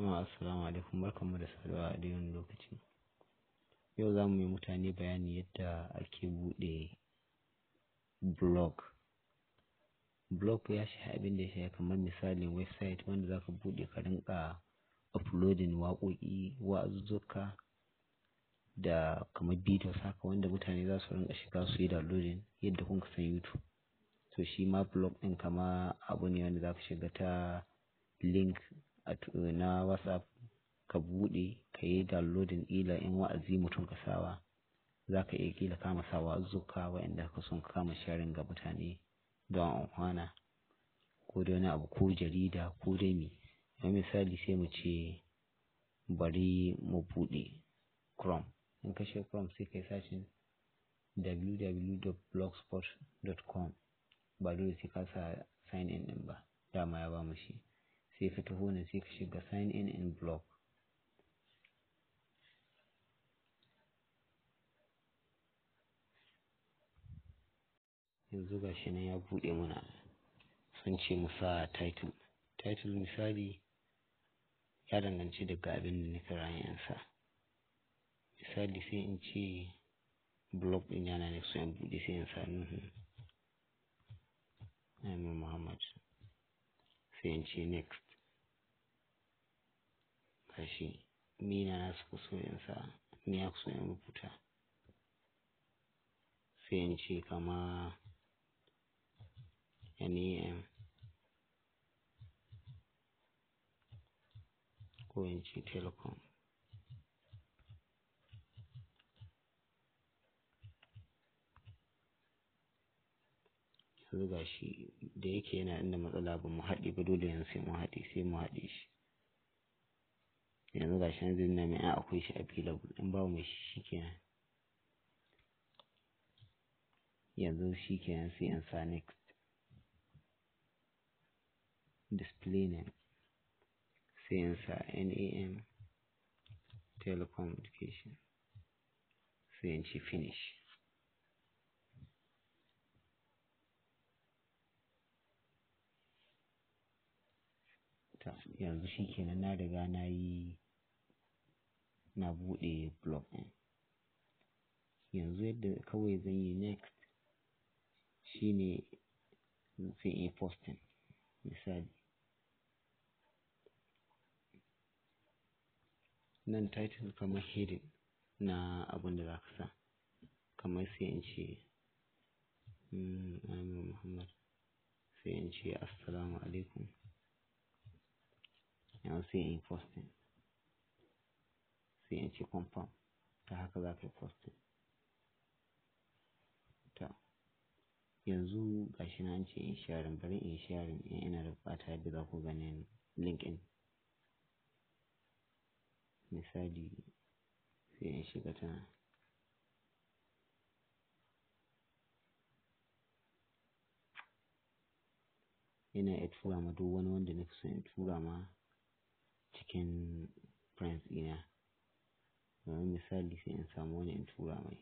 Jama'a assalamu alaikum barkanmu da saduwa a daidai lokaci. Yau za mu yi mutane bayani yadda ake bude blog. Blog ya shi abin da ya shafi kamar misalin website wanda za ka buɗe ka rinka uploading waƙoƙi, wa'azuzzuka da kamar bidiyo haka wanda mutane za su rinƙa shiga su yi downloading yadda kun san YouTube. To shi ma blog ɗin kama abu ne wanda za ka shiga ta link Eh, na whatsapp ka buɗe ka yi downloading ila in wa'azi mutum ka sawa za ka iya kila kama sawa zuka wa'inda ka sun kama sharing ga mutane don amfana ko da wani abu ko jarida ko dai me misali sai mu ce bari mu buɗe chrome in ka chrome sai ka yi sashin www.blogspot.com ba dole sai ka sa sign in din ba dama ya ba mu shi sai ka taho sai ka shiga sign in in block yanzu ga shi ne ya buɗe mana sun ce mu sa title title misali ya danganci daga abin da nika ra'ayin sa misali sai in ce blog ɗin yana ne su yan buɗe sai in sa Muhammad sai in ce next kashe mina na suka so in sa ni ya so in rubuta sai in ce kama NEM ko in ce telecom yanzu ga shi da yake yana inda matsala ba mu haɗe ba dole yanzu sai mu haɗe sai mu haɗe shi yanzu ga shi zai nan mai akwai shi a available in ba mu shi kenan yanzu shi kenan sai in sa next display name sai in sa NAM telecommunication sai in ci finish Yanzu yanzu shikenan na riga na yi na bude blog ɗin yanzu yadda kawai zan yi next shine sai in posting misali nan title kamar heading na abin da za sa kamar sai in ce hmm, Muhammad sai in ce assalamu alaikum yanzu sai yin posting sai in ce confirm ta haka za ka yi posting ta yanzu shi na an ce in sharing bari yin sharing in eh, ina da bukata yadda za ku gani linkin misali sai yin shiga ta ina ya tura ma duk wani wanda na fi tura ma cikin friends ɗina Domin misali sai in samu wani in tura mai.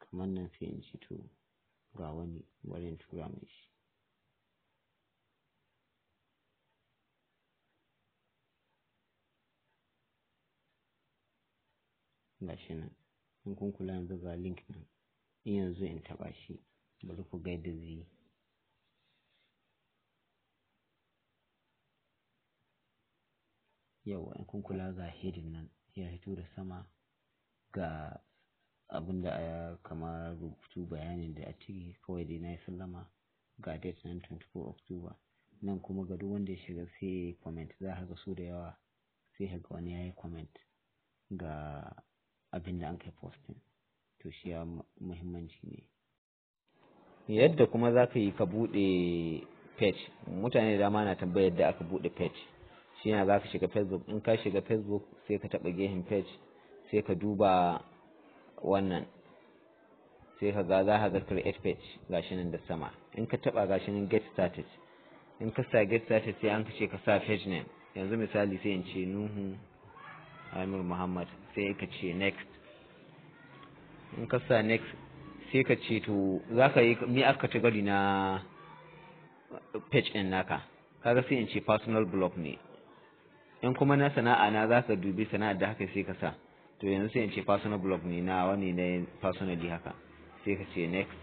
Kaman nan sai in ci to ga wani bari in tura mai shi. Ga shi nan. In kun kula yanzu ga link nan. In yanzu in taɓa shi bari ku ga yadda zai yi. yau in kun kula ga hedin nan ya fito da sama ga abin da ya eh, kama rubutu bayanin da a ciki kawai dai na yi sallama ga date nan 24 october nan kuma ga duk wanda ya shiga sai ya yi comment za ka ga su da yawa sai ka wani ya yi comment ga abin da an kai posting to shi ya muhimmanci ne yadda kuma za ka yi ka buɗe page mutane da dama na tambayar da aka buɗe page shi ne za ka shiga facebook in ka shiga facebook sai ka taɓa gehen page sai ka duba wannan sai ka ga za ka ga create page gashi nan da sama in ka taɓa gashi nan get started in ka sa get started sai an ka ce ka sa page name yanzu misali sai in ce nuhu amir muhammad sai ka ce next in ka sa next sai ka ce to za ka yi mi aka gari na page ɗin naka kaga sai in ce personal blog ne in kuma na sana'a na za ka dubi sana'ar da haka sai ka sa to yanzu sai in ce personal blog ne na wani ne personally haka sai ka ce next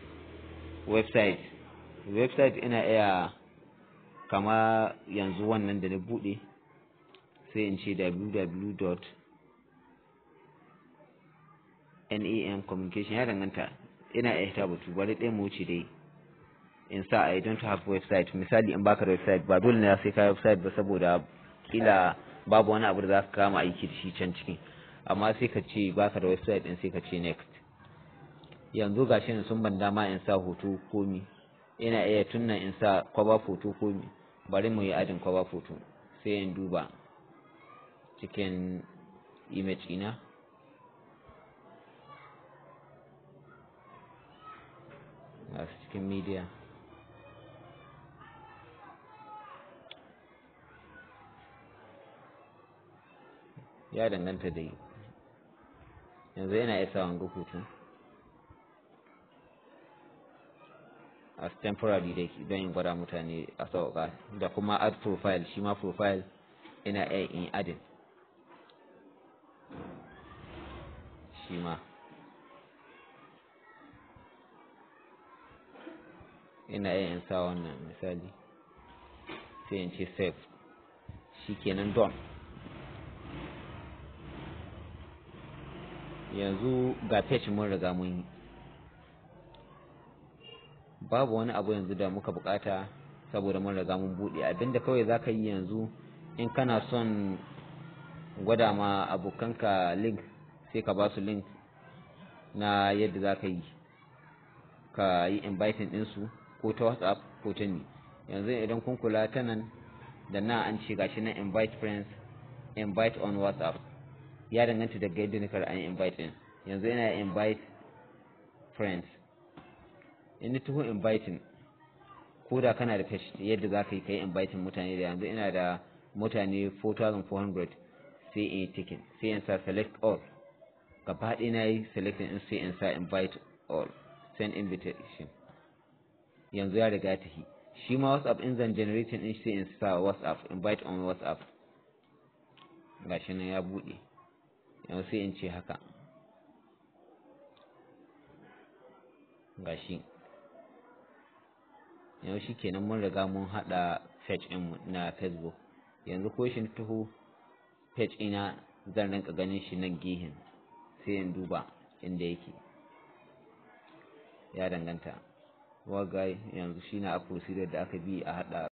website website ina iya kama yanzu wannan da na bude sai in ce www nan communication ya danganta ina iya hita batu bari ɗaya mu wuce dai in sa I don't have website misali in baka da website ba dole na sai ka website ba saboda kila babu wani abu da za ka kama aiki da shi can ciki amma sai ka ce baka da website din sai ka ce next yanzu ga shi sun ban dama in sa hoto komi ina iya tunna in sa kwaba ko komi bari mu yi adin kwaba hoto sai in duba cikin image ina cikin media ya danganta da yi yanzu yana isa wanga hutu as temporary da don yin gwada mutane a sauka da kuma add profile shi ma profile ina iya in adin shi ma ina iya in sa wannan misali sai in ce save shi kenan don yanzu ga page mun riga mun yi babu wani abu yanzu da muka bukata saboda mun riga mun buɗe abinda kawai za ka yi yanzu in kana son gwada ma abokanka link sai ka ba su link na yadda za ka yi ka yi inviting ɗinsu ko ta whatsapp ko ta ni yanzu idan kun kula ta nan da na an ce gashi na invite friends invite on whatsapp ya danganta daga yadda na karɓi an invite din yanzu ina invite friends in tuho inviting ko da kana da page yadda za ka yi kai inviting mutane da yanzu ina da mutane 4400 sai in ticket sai in sa select all gaba ɗaya na yi selecting in sai in sa invite all send invitation yanzu ya riga ta yi shi ma whatsapp in zan generating in sai in sa whatsapp invite on whatsapp gashi nan ya buɗe sai in ce haka gashi yanzu shi kenan mun riga mun haɗa page in na facebook yanzu ko shi tuhu page ina zan rinka ganin shi nan gihin sai in duba inda yake ya danganta wagai yanzu shi na a procedure da aka bi a haɗa